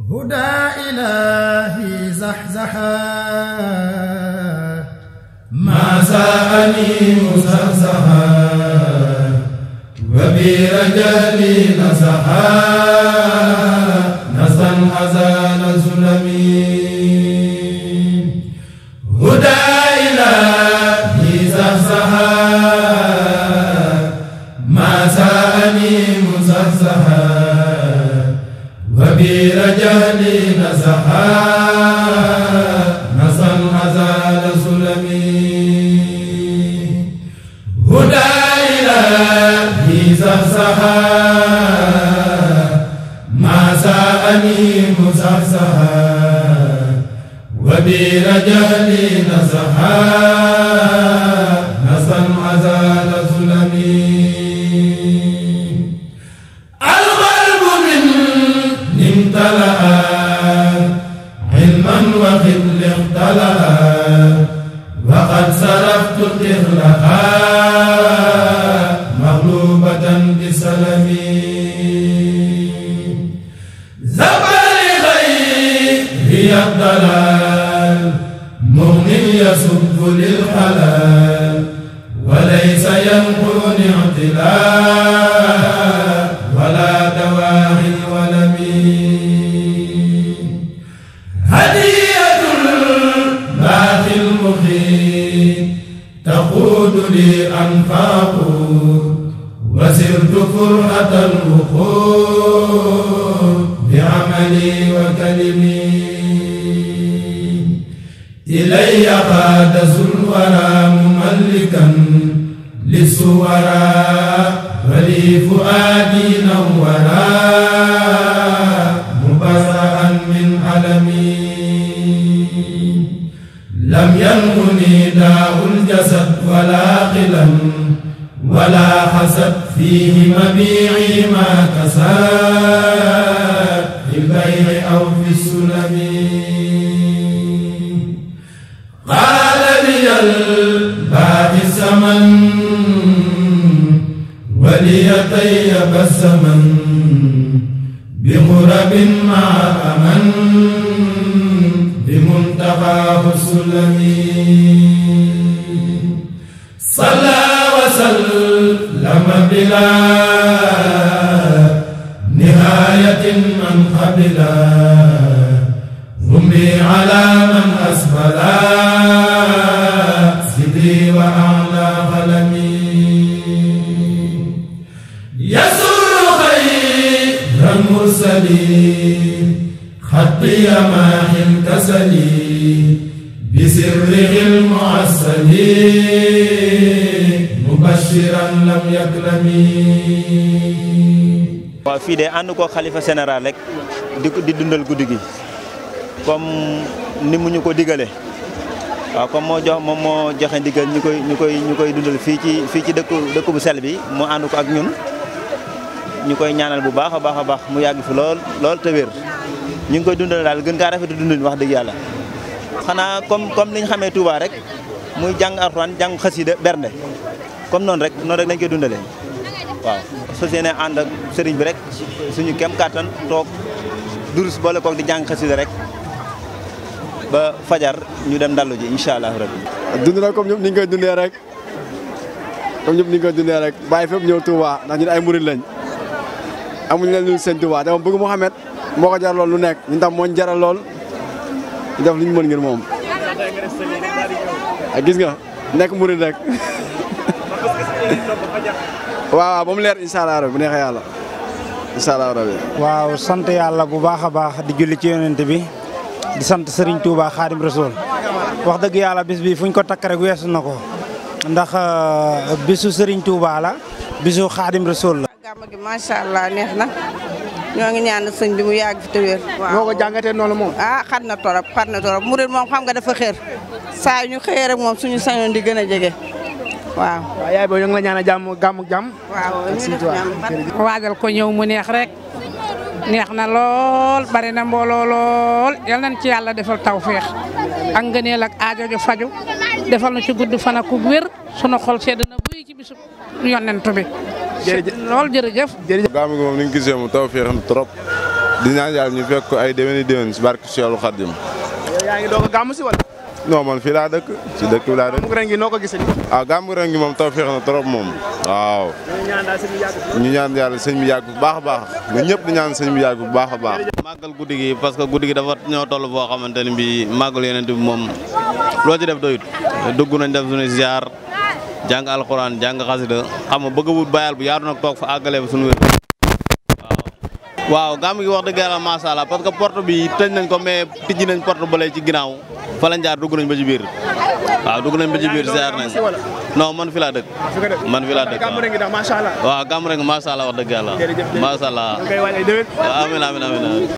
هدى إلهي زحزحا ما ساءني مزحزحا وبرجالي نزحا نسا أزال ظلمي أني مزعزها وبرجالي نزها نزا عزال ظلمي القلب من امتلأ علما وخبل اختلأ وقد صرفت قرها مغني الضلال مغني يسب للحلال وليس ينقل اعتلال ولا دواعي ولمي هدية الباقي المخيم تقود لي أنفاق وسرت فرحة الوقود بعملي وكلمي ilayya qaada zul wara mumallikan li suwara wa li fuaadi nawwara mubarra'an min alami lam yanquni daa'ul jasad wala qilam wala xasad fiihi mabiici maa kasad fi bay'i aw fi sulami لدي بسما بغرب مع أمن بمنتهى سلمي صلى وسلم بلا نهاية من قبلا همي على من أسفلا سيدي وأعلى قلمي كسلي fii de ànd ko xalifa général rek di dundal guddi gi comme ni mu ñu ko digale waaw comme moo jox moom moo joxe ndigal ñu koy ñu koy ñu dundal fii ci fii ci dëkk dëkk bu sel bi mu ànd ko ak ñun ñu koy ñaanal bu baax a baax a baax mu yàgg fi lool lool te ñu ngi koy dundal daal gën kaa rafetu dundin wax dëgg yàlla xanaa comme comme li ñu xamee Touba rek muy jàng arxuraan jàng xasida bernde comme noonu rek noonu rek lañ koy dundalee waaw soo seene ànd ak sëriñ bi rek suñu kem kàttan toog durus boole koog di jàng xasida rek ba fajar ñu dem dallu ji incha allah rabbi dund na comme ñëpp ni ñu koy dundee rek comme ñëpp ni koy dundee rek bàyyi fépp ñëw Touba ndax ñun ay murid lañ amuñ leen luñ sëñ bëgg Mouhamed moo ko jaral lool lu nekk ñu tam mooñ jaral lool def li ñu mën ngir moom. Ah, gis nga nekk murid rek. waaw ba mu leer incha bu neexee yàlla incha allah waaw sant yàlla bu baax a baax di julli ci yonent bi di sant sëriñ Touba Xaadim Rasul wax dëgg yàlla bis bi fu ñu ko takk rek weesu na ko ndax euh, bisu Serigne Touba la bisu Xaadim Rasul la. xatma gi macha allah neex na ñoo ngi ñaan sëñ bi mu yàgg fi te wér. waaw moo ko jàngatee noonu moom. ah xat na torop xat na torop murid moom xam nga dafa xër saa ñu xëyee rek moom suñu sañoon di gën a jege waaw. waaw yaay booy ñu gàmm ak jàmm. waaw ñu waajal ko ñëw mu neex rek. neex na lool bari na mbooloo lool yal nañ ci yàlla defal tawféex ak ngëneel ak aajo ju faju defal na ci gudd fan ak ku wér sunu xol sedd na buy ci bisu yonent bi. lool jërëjëf. jërëjëf gàmm gi moom ni ñu gisee mu taw fii xam trop di ñaan yàlla ñu fekk ko ay déwéni déwén si barke si yàlla Xaadim. yow yaa ngi doog man fii laa dëkk si dëkk bi laa dëkk. gàmm noo ko gisee. ah gàmm ren gi moom taw fii xam moom waaw. ñu ñaan yàlla sëñ bi yàgg bu baax a baax nga ñëpp di ñaan sëñ bi yàgg bu baax a baax. màggal guddi gi parce que guddi gi dafa ñoo toll boo xamante ne bii màggal yeneen bi moom loo ci def doyut dugg nañ def suñu ziar jàng alxuraan jàng xasida xam nga a wut bayal bu yaatu nag toog fa àggale ba suñu wér. waaw gàmm gi wax dëgg yàlla macha allah parce que porte bi tëj nañ ko mais tijji nañ porte bële ci ginnaaw fa lañ jaar dugg nañ ba ci biir waaw dugg nañ ba ci biir ziar nañ non man fi laa dëkk. man fi laa dëkk waaw waaw gàmm rek macha allah wax dëgg yàlla macha allah amiin amiin amiin